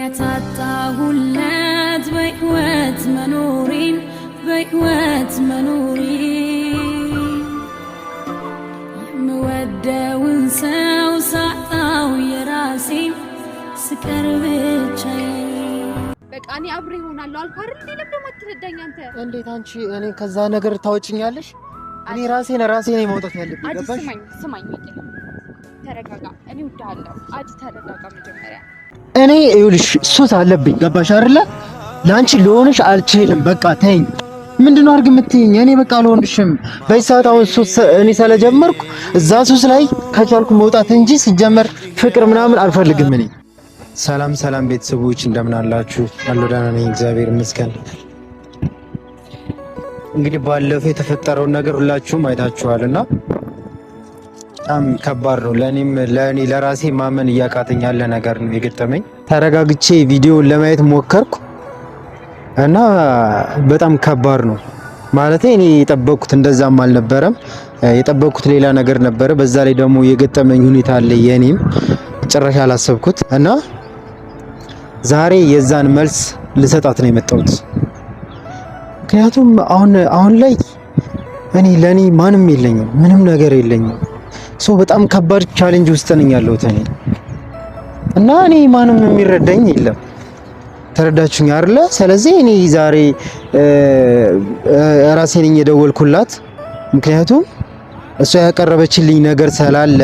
ምክንያት አጣሁለት በሕይወት መኖሬን በሕይወት መኖሬ የምወደውን ሰው ሳጣው የራሴን ስቀር ብቻዬን በቃ እኔ አብሬ እሆናለሁ አልኩህ አይደል? እንዴ አትረዳኝ አንተ? እንዴት አንቺ እኔ ከዛ ነገር ታወጭኛለሽ? እኔ ራሴ ነኝ ራሴ ያለብኝ። ገባሽ? ስማኝ ስማኝ፣ ተረጋጋ። እኔ እወድሃለሁ አዲ፣ ተረጋጋ መጀመሪያ እኔ ይኸውልሽ ሱስ አለብኝ። ገባሽ አይደለ? ለአንቺ ልሆንሽ አልችልም። በቃ ተይኝ። ምንድነው አድርግ የምትይኝ? እኔ በቃ አልሆንሽም። በዚህ ሰዓት አሁን ሱስ እኔ ስለጀመርኩ እዛ ሱስ ላይ ከቻልኩ መውጣት እንጂ ሲጀመር ፍቅር ምናምን አልፈልግም እኔ። ሰላም ሰላም ቤተሰቦች እንደምን አላችሁ? አሎ ደህና ነኝ እግዚአብሔር ይመስገን። እንግዲህ ባለፈው የተፈጠረውን ነገር ሁላችሁም አይታችኋልና በጣም ከባድ ነው። ለእኔም ለእኔ ለራሴ ማመን እያቃተኝ ያለ ነገር ነው የገጠመኝ። ተረጋግቼ ቪዲዮን ለማየት ሞከርኩ እና በጣም ከባድ ነው ማለት እኔ የጠበቅኩት እንደዛም አልነበረም። የጠበቅኩት ሌላ ነገር ነበረ። በዛ ላይ ደግሞ የገጠመኝ ሁኔታ አለ የእኔም ጭራሽ አላሰብኩት እና ዛሬ የዛን መልስ ልሰጣት ነው የመጣሁት። ምክንያቱም አሁን አሁን ላይ እኔ ለእኔ ማንም የለኝም፣ ምንም ነገር የለኝም። ሶ በጣም ከባድ ቻሌንጅ ውስጥ ነኝ ያለሁት እኔ እና እኔ ማንም የሚረዳኝ የለም። ተረዳችሁኝ አይደለ? ስለዚህ እኔ ዛሬ ራሴ ነኝ የደወልኩላት፣ ምክንያቱም እሷ ያቀረበችልኝ ነገር ስላለ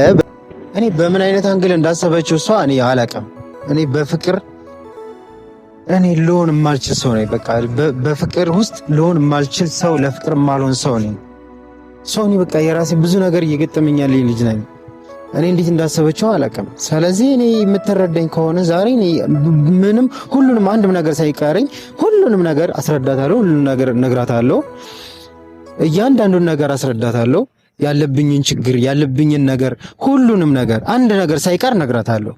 እኔ በምን አይነት አንግል እንዳሰበችው እሷ እኔ አላውቅም። እኔ በፍቅር እኔ ልሆን የማልችል ሰው ነኝ። በቃ በፍቅር ውስጥ ልሆን የማልችል ሰው፣ ለፍቅር የማልሆን ሰው ነኝ። ሰው እኔ በቃ የራሴ ብዙ ነገር እየገጠመኛል ልጅ ነኝ እኔ እንዴት እንዳሰበችው አላውቅም። ስለዚህ እኔ የምትረዳኝ ከሆነ ዛሬ ምንም ሁሉንም አንድም ነገር ሳይቀረኝ ሁሉንም ነገር አስረዳታለሁ። ሁሉንም ነገር እነግራታለሁ። እያንዳንዱን ነገር አስረዳታለሁ። ያለብኝን ችግር ያለብኝን ነገር ሁሉንም ነገር አንድ ነገር ሳይቀር እነግራታለሁ።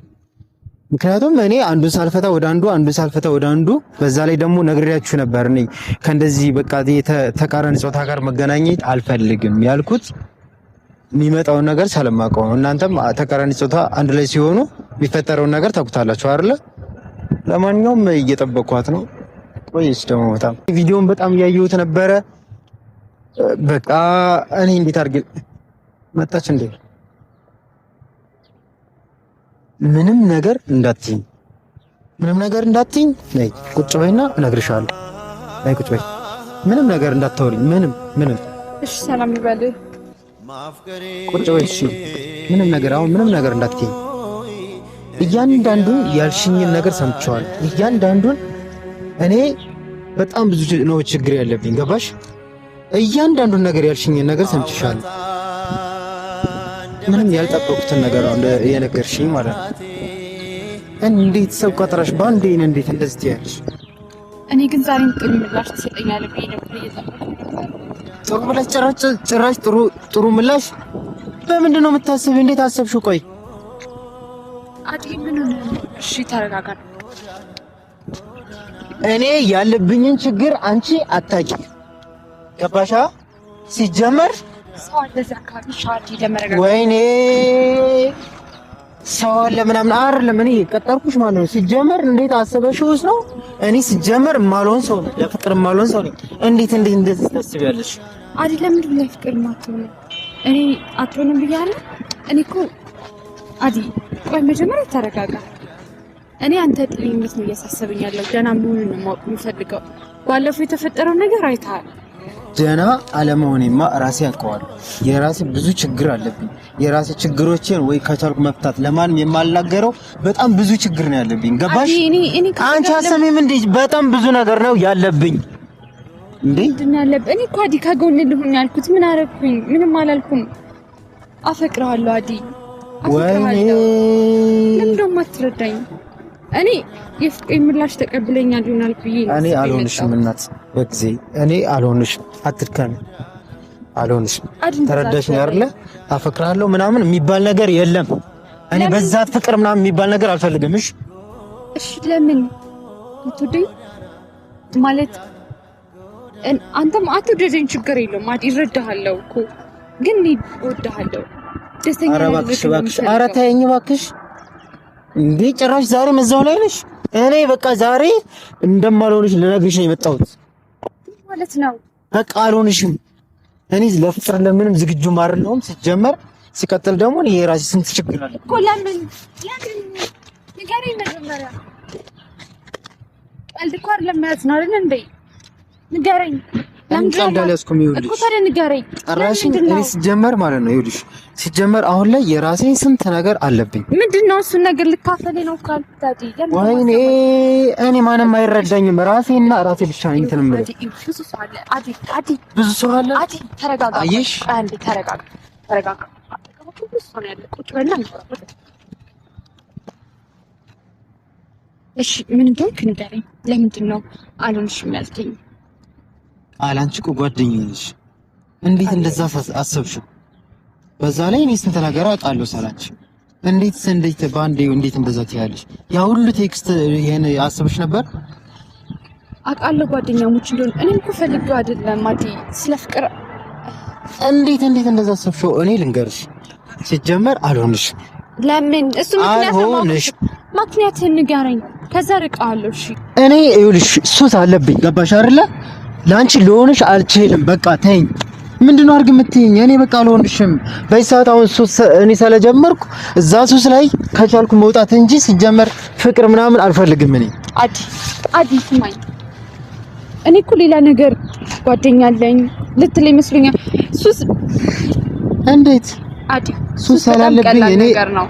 ምክንያቱም እኔ አንዱን ሳልፈታ ወደ አንዱ አንዱን ሳልፈታ ወደ አንዱ፣ በዛ ላይ ደግሞ ነግሬያችሁ ነበር። እኔ ከእንደዚህ በቃ የተቃረን ጾታ ጋር መገናኘት አልፈልግም ያልኩት የሚመጣውን ነገር ሳለማቀው ነው። እናንተም ተቃራኒ ጾታ አንድ ላይ ሲሆኑ የሚፈጠረውን ነገር ታውቁታላችሁ አይደለ? ለማንኛውም እየጠበኳት ነው። ቆይስ ደግሞ በጣም ቪዲዮን በጣም እያየሁት ነበረ። በቃ እኔ እንዴት አድርጌ መጣች እንዴ ምንም ነገር እንዳትይኝ፣ ምንም ነገር እንዳትይኝ። ነይ ቁጭ በይና እነግርሻለሁ። ነይ ቁጭ በይ። ምንም ነገር እንዳታወሪኝ። ምንም ምንም። እሺ፣ ሰላም ይበል። ቁጭ በይ። እሺ፣ ምንም ነገር አሁን ምንም ነገር እንዳትይኝ። እያንዳንዱን ያልሽኝን ነገር ሰምቼዋለሁ። እያንዳንዱን እኔ በጣም ብዙ ነው ችግር ያለብኝ። ገባሽ? እያንዳንዱን ነገር ያልሽኝን ነገር ሰምቼሻለሁ። ምንም ያልጠበቁትን ነገር ነው የነገርሽኝ ማለት ነው። እንዴት ሰው ቀጥረሽ በአንዴ ነው እንዴት እንደዚህ ትያለሽ? እኔ ግን ዛሬም ጥሩ ምላሽ ትሰጠኛለህ ብዬ ነበር እየጠበቅኩ። ጥሩ ምላሽ ጭራሽ ጥሩ ጥሩ ምላሽ በምንድን ነው የምታስቢው? እንዴት አሰብሽው? ቆይ አዲ ምን ነው? እሺ ተረጋጋ። እኔ ያለብኝን ችግር አንቺ አታቂ ገባሻ? ሲጀመር ወይኔ ሰውን ለምናምን አር ለምን ቀጠርኩሽ ማለት ነው። ሲጀመር እንዴት አሰበሽው ነው። እኔ ሲጀመር ማልሆን ሰው ነው፣ ለፍቅር ማልሆን ሰው ነው። እንዴት እንዴት እንደዚህ ታስቢያለሽ? አይደለም እንዴ ለፍቅር ማትሆን እኔ አትሆንም ብያለሁ። እኔ እኮ አዲ ቆይ መጀመሪያ ተረጋጋ። እኔ አንተ ጥልኝነት ነው እያሳሰበኝ ያለው። ገና ምኑን ነው ማወቅ የምፈልገው። ባለፈው የተፈጠረው ነገር አይተሃል። ደህና አለመሆኔማ ራሴ ያውቀዋለሁ። የራሴ ብዙ ችግር አለብኝ። የራሴ ችግሮችን ወይ ከቻልኩ መፍታት ለማንም የማልናገረው በጣም ብዙ ችግር ነው ያለብኝ። ገባሽ? አንቺ አሰሚም እንዴ? በጣም ብዙ ነገር ነው ያለብኝ። እንዴ እኔ እኮ አዲ ከጎን ልሁን ያልኩት ምን አረኩኝ? ምንም አላልኩም። አፈቅረዋለሁ አዲ፣ አፈቅረዋለሁ። ለምን ደሞ አትረዳኝ? እኔ የፍቅሬ ምላሽ ተቀብለኛል ይሆናል ብዬ እኔ አልሆንሽም። እናት በጊዜ እኔ አልሆንሽም፣ አትድከም፣ አልሆንሽም። ተረዳሽ ነው አይደለ? አፈቅራለሁ ምናምን የሚባል ነገር የለም። እኔ በዛ ፍቅር ምናምን የሚባል ነገር አልፈልግም። እሺ፣ እሺ። ለምን አትወደኝ ማለት አንተም አትወደኝ፣ ችግር የለውም። አዲ ይረዳሃለው እኮ ግን እወድሃለሁ። ደስተኛ ነኝ። እባክሽ፣ እባክሽ፣ ኧረ ተይኝ እባክሽ እንዴ ጭራሽ ዛሬም እዛው ላይ ነሽ? እኔ በቃ ዛሬ እንደማልሆንሽ ልነግርሽ ነው የመጣሁት ማለት ነው። በቃ አልሆንሽም። እኔ ለፍቅር ለምንም ዝግጁ አይደለሁም ሲጀመር፣ ሲቀጥል ደግሞ እኔ የራሴ ስንት ችግር አለ እኮ። ለምን ለምን ንገሪኝ መጀመሪያ። ቀልድ እኮ አይደለም ያዝ ነው አይደል እንዴ? ንገረኝ ሲጀመር ማለት ነው ይኸውልሽ፣ ሲጀመር አሁን ላይ የራሴን ስንት ነገር አለብኝ። ምንድን ነው እሱን ነገር ልካፈል ነው። ወይኔ እኔ ማንም አይረዳኝም። ራሴና ራሴ ብቻ ነኝ። ብዙ ሰው አለ። እሺ ምን እንደሆንክ ንገረኝ። ለምንድን ነው አልሆንሽም ያልከኝ? አላንቺ እኮ ጓደኛዬ ነሽ። እንዴት እንደዛ አሰብሽው? በዛ ላይ እኔ ስንት ነገር አውጣለሁ ሳላንቺ እንዴት እንዴት ባንዴ እንዴት እንደዛ ትያለሽ? ያ ሁሉ ቴክስት ይሄን አስበሽ ነበር? አውቃለሁ ጓደኛሞች እንደሆነ። እኔም እኮ ፈልጌው አይደለም ማቲ፣ ስለ ፍቅር እንዴት እንዴት እንደዛ አሰብሽው? እኔ ልንገርሽ፣ ሲጀመር አልሆንሽ። ለምን እሱ ምክንያት ነው? ምክንያት ንገረኝ፣ ከዛ ርቃለሁ። እሺ እኔ ይኸውልሽ ሱስ አለብኝ ገባሽ አይደለ? ለአንቺ ልሆንሽ አልችልም። በቃ ተይኝ። ምንድነው አድርግ የምትይኝ? እኔ በቃ አልሆንሽም። በዚህ ሰዓት አሁን ሱስ እኔ ስለጀመርኩ እዛ ሱስ ላይ ከቻልኩ መውጣት እንጂ ሲጀመር ፍቅር ምናምን አልፈልግም። እኔ አዲ አዲ ስማኝ፣ እኔ እኮ ሌላ ነገር ጓደኛ አለኝ ልትል ይመስሉኛል። ሱስ እንዴት አዲ ሱስ ስላለብኝ እኔ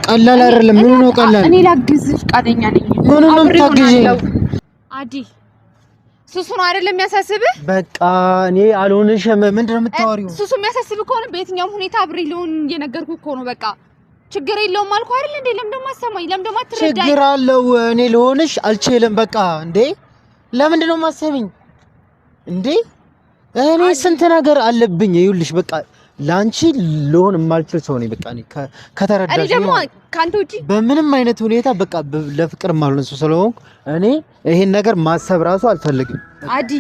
ቀላል አይደለም። ምን ነው ቀላል? እኔ ላግዝ ፈቃደኛ ነኝ። ምን ነው ታግዢ አዲ ሱሱ ነው አይደለም የሚያሳስብህ? በቃ እኔ አልሆንሽም። ምንድን ነው የምታወሪው? ሱሱ የሚያሳስብህ ከሆነ በየትኛውም ሁኔታ አብሬ ልሆን እየነገርኩህ እኮ ነው። በቃ ችግር የለውም አልኩ አይደል እንዴ? ለምን ደግሞ አሰማኝ? ለምን ደግሞ አትረዳኝ? ችግር አለው። እኔ ልሆንሽ አልችልም። በቃ እንዴ፣ ለምንድን ነው የማሰሚኝ እንዴ? እኔ ስንት ነገር አለብኝ። ይኸውልሽ በቃ ለአንቺ ልሆን የማልችል ሰው ነኝ። በቃ ከተረዳሽ ደግሞ ከአንተ ውጪ በምንም አይነት ሁኔታ በቃ ለፍቅር የማልሆን ሰው ስለሆንኩ እኔ ይሄን ነገር ማሰብ ራሱ አልፈልግም። አዲ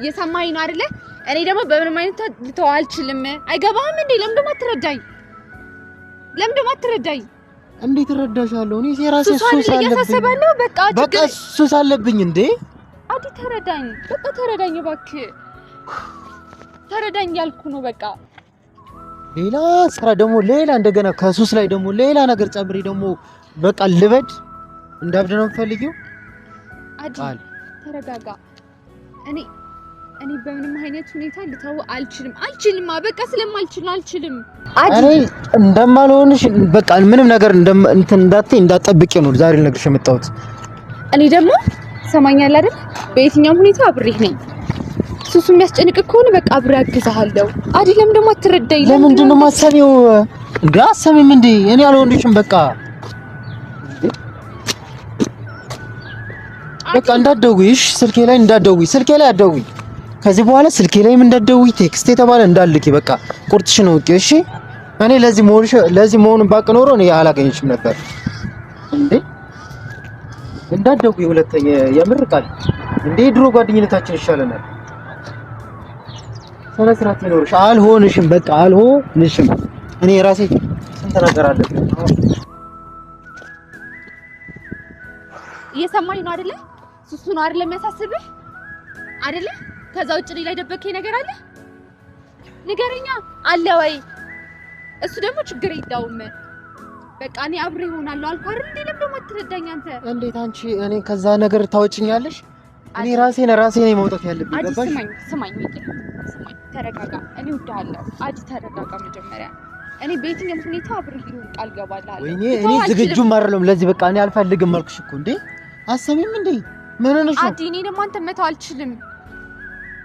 እየሰማኸኝ ነው አይደለ? እኔ ደግሞ በምንም አይነት ልተው አልችልም። አይገባም እንዴ? ለምን ደግሞ አትረዳኝ? ለምን ደግሞ አትረዳኝ? እንዴት እረዳሻለሁ? እኔ የራሴ ሱስ አለብኝ። በቃ በቃ ሱስ አለብኝ እንዴ? አዲ ተረዳኝ፣ በቃ ተረዳኝ፣ እባክህ ተረዳኝ ያልኩ ነው በቃ ሌላ ስራ ደግሞ ሌላ እንደገና ከሱስ ላይ ደግሞ ሌላ ነገር ጨምሪ ደግሞ በቃ ልበድ እንዳብድ ነው የምፈልጊው። አዲ ተረጋጋ። እኔ እኔ በምንም አይነት ሁኔታ ልተው አልችልም፣ አልችልም። በቃ ስለማልችል አልችልም። እኔ እንደማልሆንሽ በቃ ምንም ነገር እንትን እንዳትይ እንዳትጠብቂ ነው ዛሬ ልነግርሽ የመጣሁት። እኔ ደግሞ ሰማኛል አይደል? በየትኛውም ሁኔታ አብሬህ ነኝ ሱሱ የሚያስጨንቅ ከሆነ በቃ አብሬ አግዝሃለሁ። አይደለም ደግሞ አትረዳኝ። ለምንድን ነው የማትሰሚው? እንደ አትሰሚም እንዴ? እኔ አልወንድሽም። በቃ በቃ እንዳትደውይ፣ እሺ? ስልኬ ላይ እንዳትደውይ፣ ስልኬ ላይ አትደውይ። ከዚህ በኋላ ስልኬ ላይም እንዳትደውይ፣ ቴክስት የተባለ እንዳልልኪ። በቃ ቁርጥሽን እወቂ፣ እሺ? እኔ ለዚህ መሆንሽ ለዚህ መሆኑን ባቅ ኖሮ እኔ አላገኘሽም ነበር። እንዴ እንዳትደውይ ሁለተኛ የምር ቃል እንዴ፣ ድሮ ጓደኝነታችን ይሻለናል። ስነ ስርዓት ይኖርሽ። አልሆንሽም፣ በቃ አልሆንሽም። እኔ ራሴ ስንት ነገር አለብኝ። እየሰማኝ ነው አይደለ? ሱሱ ነው አይደለ? የሚያሳስብህ አይደለ? ከዛ ውጭ ሌላ የደበከኝ ነገር አለ? ንገረኛ፣ አለ ወይ? እሱ ደግሞ ችግር የለውም። በቃ እኔ አብሬ እሆናለሁ አልኩህ አይደል? ለምን ደግሞ አትረዳኝ አንተ? እንዴት አንቺ እኔ ከዛ ነገር ታወጭኛለሽ? እኔ ራሴን ራሴ ነኝ መውጣት ያለብኝ። ገባሽ? ስማኝ ስማኝ፣ ስማኝ፣ ተረጋጋ። እኔ እወድሃለሁ አጅ ተረጋጋ መጀመሪያ። እኔ በየትኛውም ሁኔታ አብሬ ቃል እገባለሁ። ወይኔ እኔ ዝግጁም አይደለሁም ለዚህ። በቃ እኔ አልፈልግም አልኩሽ እኮ እንዴ። አሰሚም እንዴ ምን ሆነሽ ነው አዲ? እኔ ደግሞ አንተ መተው አልችልም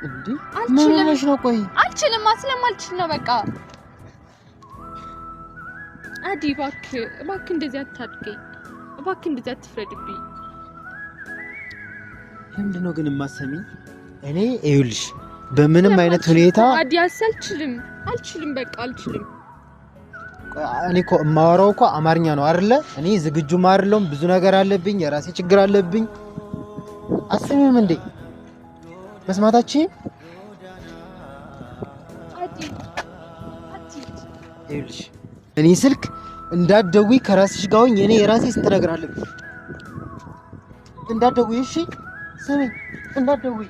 እንዴ። አልችልም። ምን ሆነሽ ነው? ቆይ አልችልም፣ አስለም ስለማልችል ነው በቃ። አዲ እባክህ፣ እባክህ እንደዚህ አታድርገኝ፣ እባክህ እንደዚህ አትፍረድብኝ። ለምንድን ነው ግን የማሰሚኝ? እኔ ይኸውልሽ በምንም አይነት ሁኔታ አዲያስ አልችልም፣ አልችልም፣ በቃ አልችልም። እኔ እኮ የማወራው እኮ አማርኛ ነው አይደለ? እኔ ዝግጁም አይደለሁም። ብዙ ነገር አለብኝ፣ የራሴ ችግር አለብኝ። አስሚም እንዴ መስማታችን ይኸውልሽ እኔ ስልክ እንዳትደውይ ከራስሽ ጋር ሆኜ እኔ የራሴ ስንት ነገር አለብኝ። እንዳትደውይ እሺ ስሚ እንዳትደውይ፣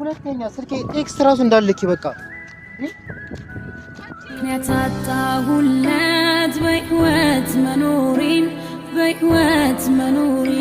ሁለተኛ ስልኬ ኤክስ ራሱ እንዳልክ በቃ ያታጣሁለት በህይወት መኖሬን በህይወት መኖሬ